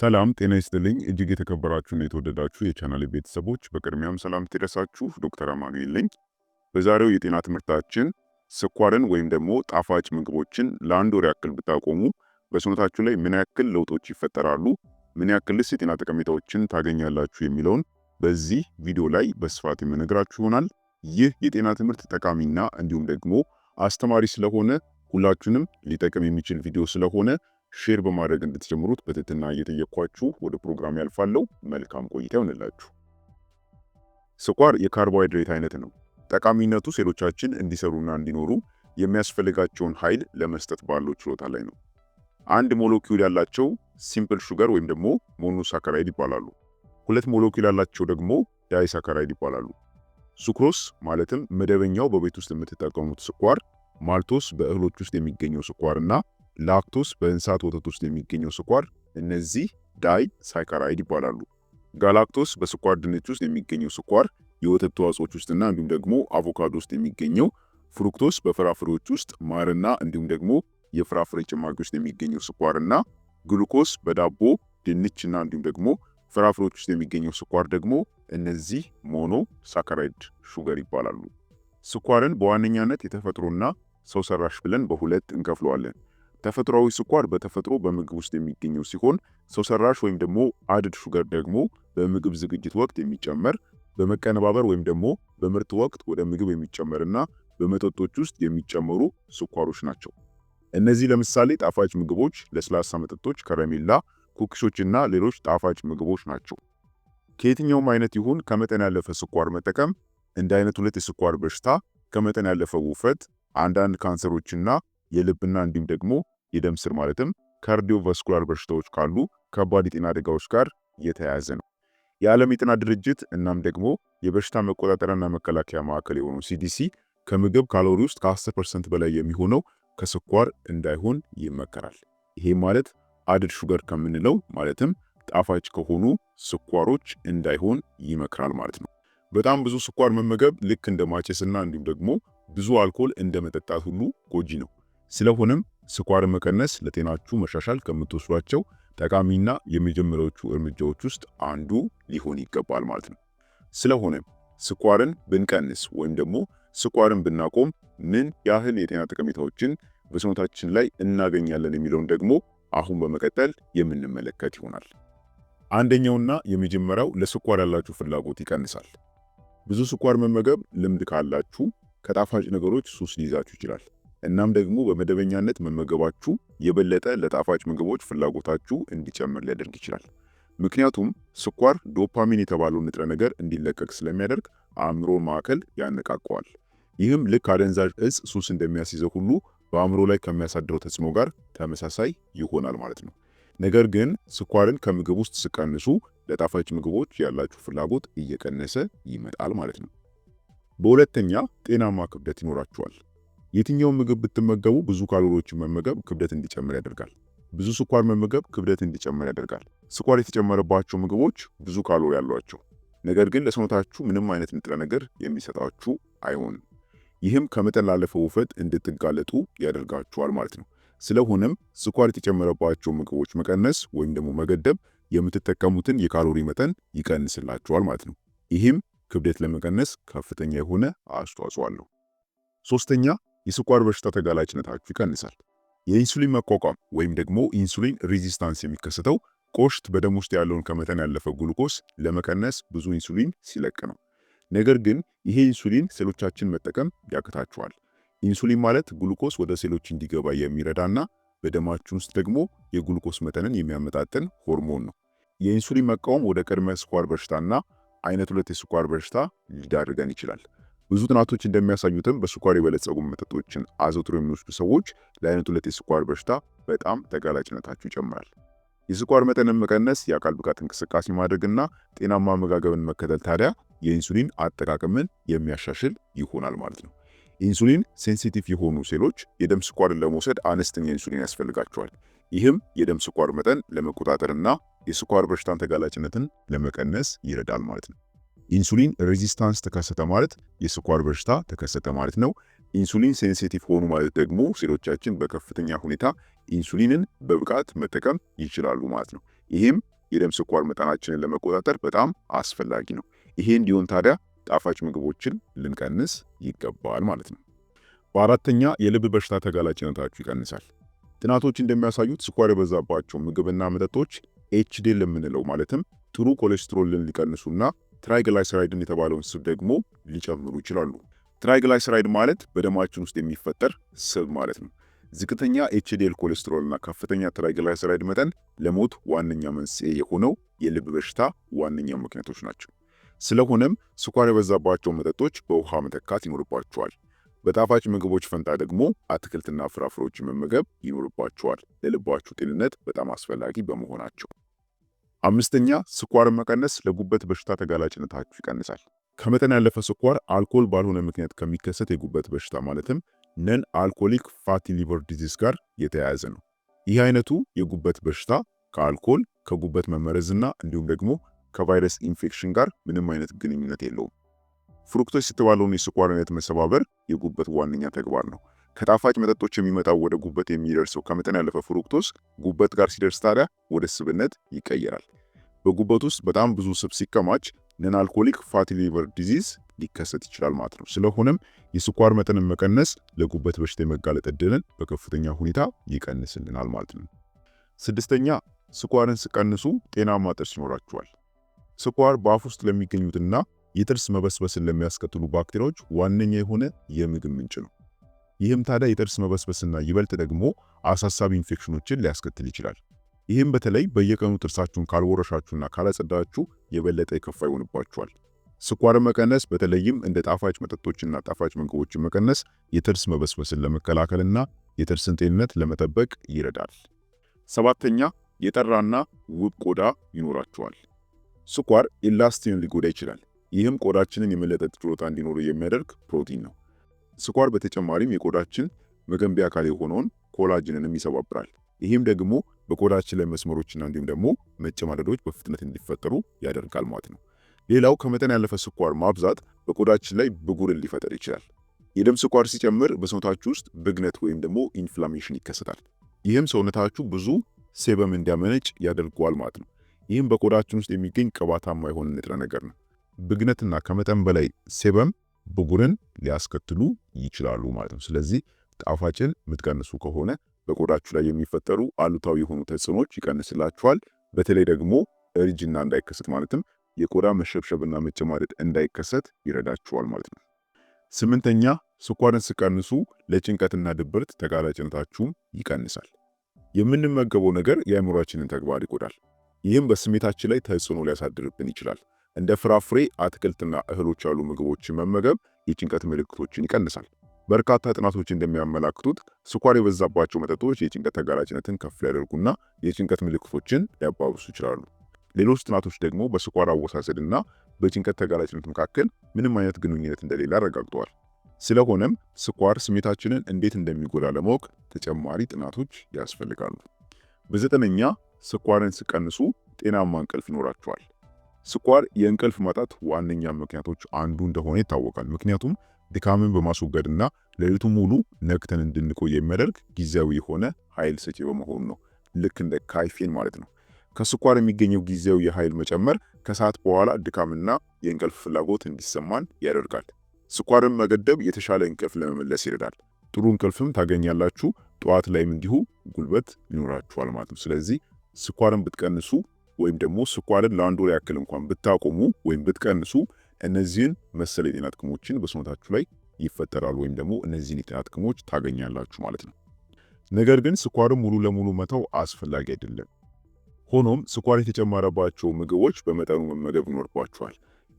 ሰላም ጤና ይስጥልኝ። እጅግ የተከበራችሁና የተወደዳችሁ የቻናል ቤተሰቦች በቅድሚያም ሰላም ትደረሳችሁ። ዶክተር አማኑኤል ነኝ። በዛሬው የጤና ትምህርታችን ስኳርን ወይም ደግሞ ጣፋጭ ምግቦችን ለአንድ ወር ያክል ብታቆሙ በሰውነታችሁ ላይ ምን ያክል ለውጦች ይፈጠራሉ፣ ምን ያክልስ የጤና ጠቀሜታዎችን ታገኛላችሁ የሚለውን በዚህ ቪዲዮ ላይ በስፋት የምነግራችሁ ይሆናል። ይህ የጤና ትምህርት ጠቃሚና እንዲሁም ደግሞ አስተማሪ ስለሆነ ሁላችሁንም ሊጠቅም የሚችል ቪዲዮ ስለሆነ ሼር በማድረግ እንድትጀምሩት በትህትና እየጠየኳችሁ ወደ ፕሮግራም ያልፋለሁ። መልካም ቆይታ ይሆንላችሁ። ስኳር የካርቦሃይድሬት አይነት ነው። ጠቃሚነቱ ሴሎቻችን እንዲሰሩና እንዲኖሩ የሚያስፈልጋቸውን ኃይል ለመስጠት ባለው ችሎታ ላይ ነው። አንድ ሞለኪውል ያላቸው ሲምፕል ሹገር ወይም ደግሞ ሞኖሳካራይድ ይባላሉ። ሁለት ሞለኪውል ያላቸው ደግሞ ዳይሳካራይድ ይባላሉ። ሱክሮስ ማለትም መደበኛው በቤት ውስጥ የምትጠቀሙት ስኳር፣ ማልቶስ በእህሎች ውስጥ የሚገኘው ስኳር እና ላክቶስ በእንስሳት ወተት ውስጥ የሚገኘው ስኳር እነዚህ ዳይ ሳይካራይድ ይባላሉ። ጋላክቶስ በስኳር ድንች ውስጥ የሚገኘው ስኳር፣ የወተት ተዋጽኦች ውስጥና እንዲሁም ደግሞ አቮካዶ ውስጥ የሚገኘው ፍሩክቶስ በፍራፍሬዎች ውስጥ ማርና እንዲሁም ደግሞ የፍራፍሬ ጭማቂ ውስጥ የሚገኘው ስኳርና ግሉኮስ በዳቦ ድንችና እንዲሁም ደግሞ ፍራፍሬዎች ውስጥ የሚገኘው ስኳር ደግሞ እነዚህ ሞኖ ሳካራይድ ሹገር ይባላሉ። ስኳርን በዋነኛነት የተፈጥሮና ሰው ሰራሽ ብለን በሁለት እንከፍለዋለን። ተፈጥሯዊ ስኳር በተፈጥሮ በምግብ ውስጥ የሚገኘው ሲሆን ሰው ሰራሽ ወይም ደግሞ አድድ ሹገር ደግሞ በምግብ ዝግጅት ወቅት የሚጨመር በመቀነባበር ወይም ደግሞ በምርት ወቅት ወደ ምግብ የሚጨመርና በመጠጦች ውስጥ የሚጨመሩ ስኳሮች ናቸው። እነዚህ ለምሳሌ ጣፋጭ ምግቦች፣ ለስላሳ መጠጦች፣ ከረሜላ፣ እና ሌሎች ጣፋጭ ምግቦች ናቸው። ከየትኛውም አይነት ይሁን ከመጠን ያለፈ ስኳር መጠቀም እንደ አይነት ሁለት የስኳር በሽታ፣ ከመጠን ያለፈ ውፍረት፣ አንዳንድ ካንሰሮችና የልብና እንዲሁም ደግሞ የደም ስር ማለትም ካርዲዮቫስኩላር በሽታዎች ካሉ ከባድ የጤና አደጋዎች ጋር የተያያዘ ነው። የዓለም የጤና ድርጅት እናም ደግሞ የበሽታ መቆጣጠሪያና መከላከያ ማዕከል የሆነው ሲዲሲ ከምግብ ካሎሪ ውስጥ ከ10 ፐርሰንት በላይ የሚሆነው ከስኳር እንዳይሆን ይመከራል። ይሄ ማለት አድድ ሹገር ከምንለው ማለትም ጣፋጭ ከሆኑ ስኳሮች እንዳይሆን ይመክራል ማለት ነው። በጣም ብዙ ስኳር መመገብ ልክ እንደ ማጨስና እንዲሁም ደግሞ ብዙ አልኮል እንደ መጠጣት ሁሉ ጎጂ ነው። ስለሆነም ስኳር መቀነስ ለጤናችሁ መሻሻል ከምትወስዷቸው ጠቃሚና የመጀመሪያዎቹ እርምጃዎች ውስጥ አንዱ ሊሆን ይገባል ማለት ነው። ስለሆነ ስኳርን ብንቀንስ ወይም ደግሞ ስኳርን ብናቆም ምን ያህል የጤና ጠቀሜታዎችን በሰውነታችን ላይ እናገኛለን የሚለውን ደግሞ አሁን በመቀጠል የምንመለከት ይሆናል። አንደኛውና የመጀመሪያው ለስኳር ያላችሁ ፍላጎት ይቀንሳል። ብዙ ስኳር መመገብ ልምድ ካላችሁ ከጣፋጭ ነገሮች ሱስ ሊይዛችሁ ይችላል። እናም ደግሞ በመደበኛነት መመገባችሁ የበለጠ ለጣፋጭ ምግቦች ፍላጎታችሁ እንዲጨምር ሊያደርግ ይችላል። ምክንያቱም ስኳር ዶፓሚን የተባለው ንጥረ ነገር እንዲለቀቅ ስለሚያደርግ አእምሮ ማዕከል ያነቃቀዋል። ይህም ልክ አደንዛዥ እጽ ሱስ እንደሚያስይዘው ሁሉ በአእምሮ ላይ ከሚያሳድረው ተጽዕኖ ጋር ተመሳሳይ ይሆናል ማለት ነው። ነገር ግን ስኳርን ከምግብ ውስጥ ስቀንሱ ለጣፋጭ ምግቦች ያላችሁ ፍላጎት እየቀነሰ ይመጣል ማለት ነው። በሁለተኛ ጤናማ ክብደት ይኖራችኋል። የትኛውን ምግብ ብትመገቡ ብዙ ካሎሪዎችን መመገብ ክብደት እንዲጨምር ያደርጋል። ብዙ ስኳር መመገብ ክብደት እንዲጨምር ያደርጋል። ስኳር የተጨመረባቸው ምግቦች ብዙ ካሎሪ አሏቸው ነገር ግን ለሰውነታችሁ ምንም አይነት ንጥረ ነገር የሚሰጣችሁ አይሆንም። ይህም ከመጠን ላለፈው ውፍረት እንድትጋለጡ ያደርጋችኋል ማለት ነው። ስለሆነም ስኳር የተጨመረባቸው ምግቦች መቀነስ ወይም ደግሞ መገደብ የምትጠቀሙትን የካሎሪ መጠን ይቀንስላችኋል ማለት ነው። ይህም ክብደት ለመቀነስ ከፍተኛ የሆነ አስተዋጽኦ አለው። ሶስተኛ የስኳር በሽታ ተጋላጭነታችሁ ይቀንሳል። የኢንሱሊን መቋቋም ወይም ደግሞ ኢንሱሊን ሬዚስታንስ የሚከሰተው ቆሽት በደም ውስጥ ያለውን ከመጠን ያለፈ ግሉኮስ ለመቀነስ ብዙ ኢንሱሊን ሲለቅ ነው። ነገር ግን ይሄ ኢንሱሊን ሴሎቻችን መጠቀም ያቅታችኋል። ኢንሱሊን ማለት ግሉኮስ ወደ ሴሎች እንዲገባ የሚረዳና በደማችን ውስጥ ደግሞ የግሉኮስ መጠንን የሚያመጣጥን ሆርሞን ነው። የኢንሱሊን መቃወም ወደ ቅድመ ስኳር በሽታና አይነት ሁለት የስኳር በሽታ ሊዳርገን ይችላል። ብዙ ጥናቶች እንደሚያሳዩትም በስኳር የበለጸጉ መጠጦችን አዘውትሮ የሚወስዱ ሰዎች ለአይነት ሁለት የስኳር በሽታ በጣም ተጋላጭነታቸው ይጨምራል። የስኳር መጠንን መቀነስ፣ የአካል ብቃት እንቅስቃሴ ማድረግና ጤናማ አመጋገብን መከተል ታዲያ የኢንሱሊን አጠቃቀምን የሚያሻሽል ይሆናል ማለት ነው። ኢንሱሊን ሴንሲቲቭ የሆኑ ሴሎች የደም ስኳርን ለመውሰድ አነስተኛ ኢንሱሊን ያስፈልጋቸዋል። ይህም የደም ስኳር መጠን ለመቆጣጠርና የስኳር በሽታን ተጋላጭነትን ለመቀነስ ይረዳል ማለት ነው። ኢንሱሊን ሬዚስታንስ ተከሰተ ማለት የስኳር በሽታ ተከሰተ ማለት ነው። ኢንሱሊን ሴንሲቲቭ ሆኑ ማለት ደግሞ ሴሎቻችን በከፍተኛ ሁኔታ ኢንሱሊንን በብቃት መጠቀም ይችላሉ ማለት ነው። ይህም የደም ስኳር መጠናችንን ለመቆጣጠር በጣም አስፈላጊ ነው። ይሄ እንዲሆን ታዲያ ጣፋጭ ምግቦችን ልንቀንስ ይገባል ማለት ነው። በአራተኛ የልብ በሽታ ተጋላጭነታችሁ ይቀንሳል። ጥናቶች እንደሚያሳዩት ስኳር የበዛባቸው ምግብና መጠጦች ኤችዲኤል የምንለው ማለትም ጥሩ ኮሌስትሮልን ሊቀንሱና ትራይግላይሰራይድን የተባለውን ስብ ደግሞ ሊጨምሩ ይችላሉ። ትራይግላይሰራይድ ማለት በደማችን ውስጥ የሚፈጠር ስብ ማለት ነው። ዝቅተኛ ኤችዲኤል እና ከፍተኛ ትራይግላይሰራይድ መጠን ለሞት ዋነኛ መንስኤ የሆነው የልብ በሽታ ዋነኛ ምክንያቶች ናቸው። ስለሆነም ስኳር የበዛባቸው መጠጦች በውሃ መተካት ይኖርባቸዋል። በጣፋጭ ምግቦች ፈንታ ደግሞ አትክልትና ፍራፍሬዎችን መመገብ ይኖርባቸዋል፣ ለልባችሁ ጤንነት በጣም አስፈላጊ በመሆናቸው አምስተኛ ስኳር መቀነስ ለጉበት በሽታ ተጋላጭነታችሁ ይቀንሳል። ከመጠን ያለፈ ስኳር አልኮል ባልሆነ ምክንያት ከሚከሰት የጉበት በሽታ ማለትም ነን አልኮሊክ ፋቲ ሊቨር ዲዚዝ ጋር የተያያዘ ነው። ይህ አይነቱ የጉበት በሽታ ከአልኮል ከጉበት መመረዝና እንዲሁም ደግሞ ከቫይረስ ኢንፌክሽን ጋር ምንም አይነት ግንኙነት የለውም። ፍሩክቶስ የተባለውን የስኳር አይነት መሰባበር የጉበት ዋነኛ ተግባር ነው። ከጣፋጭ መጠጦች የሚመጣው ወደ ጉበት የሚደርሰው ከመጠን ያለፈ ፍሩክቶስ ጉበት ጋር ሲደርስ ታዲያ ወደ ስብነት ይቀየራል። በጉበት ውስጥ በጣም ብዙ ስብ ሲከማች ነን አልኮሊክ ፋቲ ሊቨር ዲዚዝ ሊከሰት ይችላል ማለት ነው። ስለሆነም የስኳር መጠንን መቀነስ ለጉበት በሽታ የመጋለጥ እድልን በከፍተኛ ሁኔታ ይቀንስልናል ማለት ነው። ስድስተኛ ስኳርን ስቀንሱ ጤናማ ጥርስ ይኖራችኋል። ስኳር በአፍ ውስጥ ለሚገኙትና የጥርስ መበስበስን ለሚያስከትሉ ባክቴሪያዎች ዋነኛ የሆነ የምግብ ምንጭ ነው። ይህም ታዲያ የጥርስ መበስበስና ይበልጥ ደግሞ አሳሳቢ ኢንፌክሽኖችን ሊያስከትል ይችላል። ይህም በተለይ በየቀኑ ጥርሳችሁን ካልወረሻችሁና ካላጸዳችሁ የበለጠ የከፋ ይሆንባችኋል። ስኳር መቀነስ፣ በተለይም እንደ ጣፋጭ መጠጦችና ጣፋጭ ምግቦችን መቀነስ የጥርስ መበስበስን ለመከላከልና የጥርስን ጤንነት ለመጠበቅ ይረዳል። ሰባተኛ የጠራና ውብ ቆዳ ይኖራችኋል። ስኳር ኢላስቲንን ሊጎዳ ይችላል። ይህም ቆዳችንን የመለጠጥ ችሎታ እንዲኖሩ የሚያደርግ ፕሮቲን ነው። ስኳር በተጨማሪም የቆዳችን መገንቢያ አካል የሆነውን ኮላጅንንም ይሰባብራል። ይህም ደግሞ በቆዳችን ላይ መስመሮችና እንዲሁም ደግሞ መጨማደዶች በፍጥነት እንዲፈጠሩ ያደርጋል ማለት ነው። ሌላው ከመጠን ያለፈ ስኳር ማብዛት በቆዳችን ላይ ብጉርን ሊፈጠር ይችላል። የደም ስኳር ሲጨምር በሰውነታችሁ ውስጥ ብግነት ወይም ደግሞ ኢንፍላሜሽን ይከሰታል። ይህም ሰውነታችሁ ብዙ ሴበም እንዲያመነጭ ያደርገዋል ማለት ነው። ይህም በቆዳችን ውስጥ የሚገኝ ቅባታማ የሆነ ንጥረ ነገር ነው። ብግነትና ከመጠን በላይ ሴበም ብጉርን ሊያስከትሉ ይችላሉ ማለት ነው። ስለዚህ ጣፋጭን የምትቀንሱ ከሆነ በቆዳችሁ ላይ የሚፈጠሩ አሉታዊ የሆኑ ተጽዕኖች ይቀንስላችኋል። በተለይ ደግሞ እርጅና እንዳይከሰት ማለትም የቆዳ መሸብሸብና መጨማደድ እንዳይከሰት ይረዳችኋል ማለት ነው። ስምንተኛ ስኳርን ስቀንሱ ለጭንቀትና ድብርት ተጋላጭነታችሁም ይቀንሳል። የምንመገበው ነገር የአእምሯችንን ተግባር ይጎዳል። ይህም በስሜታችን ላይ ተጽዕኖ ሊያሳድርብን ይችላል። እንደ ፍራፍሬ፣ አትክልትና እህሎች ያሉ ምግቦችን መመገብ የጭንቀት ምልክቶችን ይቀንሳል። በርካታ ጥናቶች እንደሚያመላክቱት ስኳር የበዛባቸው መጠጦች የጭንቀት ተጋላጭነትን ከፍ ሊያደርጉና የጭንቀት ምልክቶችን ሊያባብሱ ይችላሉ። ሌሎች ጥናቶች ደግሞ በስኳር አወሳሰድና በጭንቀት ተጋላጭነት መካከል ምንም አይነት ግንኙነት እንደሌለ አረጋግጠዋል። ስለሆነም ስኳር ስሜታችንን እንዴት እንደሚጎዳ ለማወቅ ተጨማሪ ጥናቶች ያስፈልጋሉ። በዘጠነኛ ስኳርን ስቀንሱ ጤናማ እንቅልፍ ይኖራቸዋል። ስኳር የእንቅልፍ ማጣት ዋነኛ ምክንያቶች አንዱ እንደሆነ ይታወቃል። ምክንያቱም ድካምን በማስወገድና ሌሊቱ ሙሉ ነክተን እንድንቆይ የሚያደርግ ጊዜያዊ የሆነ ኃይል ሰጪ በመሆኑ ነው። ልክ እንደ ካይፌን ማለት ነው። ከስኳር የሚገኘው ጊዜያዊ የኃይል መጨመር ከሰዓት በኋላ ድካምና የእንቅልፍ ፍላጎት እንዲሰማን ያደርጋል። ስኳርን መገደብ የተሻለ እንቅልፍ ለመመለስ ይረዳል። ጥሩ እንቅልፍም ታገኛላችሁ። ጠዋት ላይም እንዲሁ ጉልበት ይኖራችኋል ማለት ነው። ስለዚህ ስኳርን ብትቀንሱ ወይም ደግሞ ስኳርን ለአንድ ወር ያክል እንኳን ብታቆሙ ወይም ብትቀንሱ እነዚህን መሰል የጤና ጥቅሞችን በሰውነታችሁ ላይ ይፈጠራሉ ወይም ደግሞ እነዚህን የጤና ጥቅሞች ታገኛላችሁ ማለት ነው። ነገር ግን ስኳርን ሙሉ ለሙሉ መተው አስፈላጊ አይደለም። ሆኖም ስኳር የተጨመረባቸው ምግቦች በመጠኑ መመገብ ይኖርባችኋል።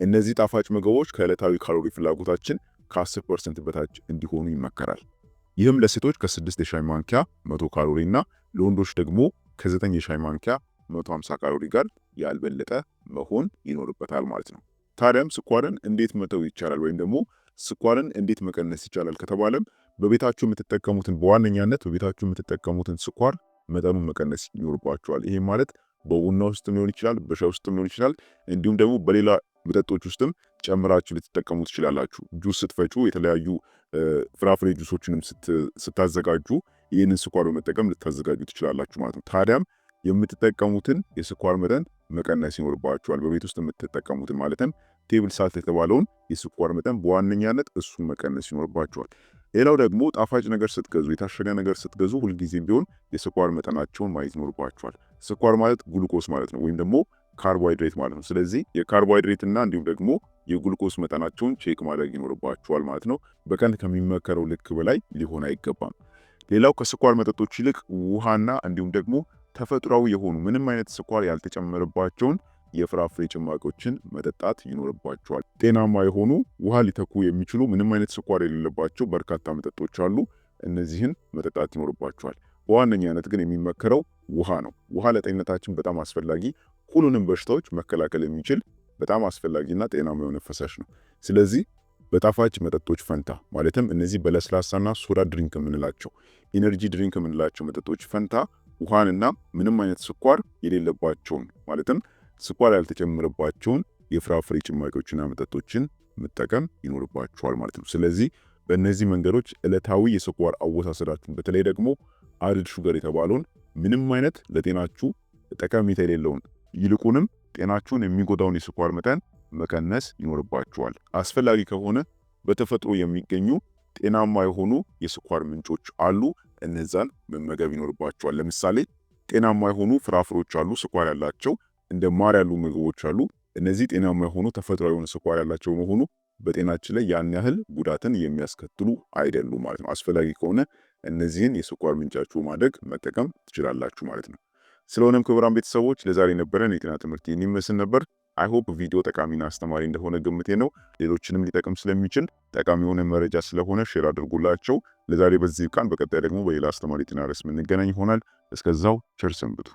እነዚህ ጣፋጭ ምግቦች ከዕለታዊ ካሎሪ ፍላጎታችን ከ10 ፐርሰንት በታች እንዲሆኑ ይመከራል። ይህም ለሴቶች ከ6 የሻይ ማንኪያ 100 ካሎሪ እና ለወንዶች ደግሞ ከ9 የሻይ ማንኪያ 150 ካሎሪ ጋር ያልበለጠ መሆን ይኖርበታል ማለት ነው። ታዲያም ስኳርን እንዴት መተው ይቻላል ወይም ደግሞ ስኳርን እንዴት መቀነስ ይቻላል ከተባለም በቤታችሁ የምትጠቀሙትን በዋነኛነት በቤታችሁ የምትጠቀሙትን ስኳር መጠኑን መቀነስ ይኖርባችኋል። ይሄ ማለት በቡና ውስጥ ሊሆን ይችላል፣ በሻይ ውስጥ ሊሆን ይችላል፣ እንዲሁም ደግሞ በሌላ መጠጦች ውስጥም ጨምራችሁ ልትጠቀሙ ትችላላችሁ። ጁስ ስትፈጩ፣ የተለያዩ ፍራፍሬ ጁሶችንም ስታዘጋጁ ይህንን ስኳር በመጠቀም ልታዘጋጁ ትችላላችሁ ማለት ነው። ታዲያም የምትጠቀሙትን የስኳር መጠን መቀነስ ይኖርባቸዋል። በቤት ውስጥ የምትጠቀሙትን ማለትም ቴብል ሳልት የተባለውን የስኳር መጠን በዋነኛነት እሱን መቀነስ ይኖርባቸዋል። ሌላው ደግሞ ጣፋጭ ነገር ስትገዙ፣ የታሸገ ነገር ስትገዙ ሁልጊዜም ቢሆን የስኳር መጠናቸውን ማየት ይኖርባቸዋል። ስኳር ማለት ግሉኮስ ማለት ነው፣ ወይም ደግሞ ካርቦሃይድሬት ማለት ነው። ስለዚህ የካርቦሃይድሬት እና እንዲሁም ደግሞ የግሉኮስ መጠናቸውን ቼክ ማድረግ ይኖርባቸዋል ማለት ነው። በቀን ከሚመከረው ልክ በላይ ሊሆን አይገባም። ሌላው ከስኳር መጠጦች ይልቅ ውሃና እንዲሁም ደግሞ ተፈጥሯዊ የሆኑ ምንም አይነት ስኳር ያልተጨመረባቸውን የፍራፍሬ ጭማቂዎችን መጠጣት ይኖርባቸዋል። ጤናማ የሆኑ ውሃ ሊተኩ የሚችሉ ምንም አይነት ስኳር የሌለባቸው በርካታ መጠጦች አሉ። እነዚህን መጠጣት ይኖርባቸዋል። በዋነኛነት ግን የሚመከረው ውሃ ነው። ውሃ ለጤንነታችን በጣም አስፈላጊ፣ ሁሉንም በሽታዎች መከላከል የሚችል በጣም አስፈላጊና ጤናማ የሆነ ፈሳሽ ነው። ስለዚህ በጣፋጭ መጠጦች ፈንታ ማለትም እነዚህ በለስላሳና ሶዳ ድሪንክ የምንላቸው ኢነርጂ ድሪንክ የምንላቸው መጠጦች ፈንታ ውሃንና ምንም አይነት ስኳር የሌለባቸውን ማለትም ስኳር ያልተጨመረባቸውን የፍራፍሬ ጭማቂዎችና መጠጦችን መጠቀም ይኖርባቸዋል ማለት ነው። ስለዚህ በእነዚህ መንገዶች ዕለታዊ የስኳር አወሳሰዳችሁን በተለይ ደግሞ አድድ ሹገር የተባለውን ምንም አይነት ለጤናችሁ ጠቀሜታ የሌለውን ይልቁንም ጤናችሁን የሚጎዳውን የስኳር መጠን መቀነስ ይኖርባችኋል። አስፈላጊ ከሆነ በተፈጥሮ የሚገኙ ጤናማ የሆኑ የስኳር ምንጮች አሉ። እነዛን መመገብ ይኖርባቸዋል። ለምሳሌ ጤናማ የሆኑ ፍራፍሬዎች አሉ፣ ስኳር ያላቸው እንደ ማር ያሉ ምግቦች አሉ። እነዚህ ጤናማ የሆኑ ተፈጥሯዊ የሆነ ስኳር ያላቸው መሆኑ በጤናችን ላይ ያን ያህል ጉዳትን የሚያስከትሉ አይደሉ ማለት ነው። አስፈላጊ ከሆነ እነዚህን የስኳር ምንጫችሁ ማድረግ መጠቀም ትችላላችሁ ማለት ነው። ስለሆነም ክቡራን ቤተሰቦች ለዛሬ የነበረን የጤና ትምህርት የሚመስል ነበር። አይሆፕ ቪዲዮ ጠቃሚና አስተማሪ እንደሆነ ግምቴ ነው። ሌሎችንም ሊጠቅም ስለሚችል ጠቃሚ የሆነ መረጃ ስለሆነ ሼር አድርጉላቸው። ለዛሬ በዚህ ቃን፣ በቀጣይ ደግሞ በሌላ አስተማሪ ጤና ርዕስ የምንገናኝ ይሆናል። እስከዛው ቸር ሰንብቱ።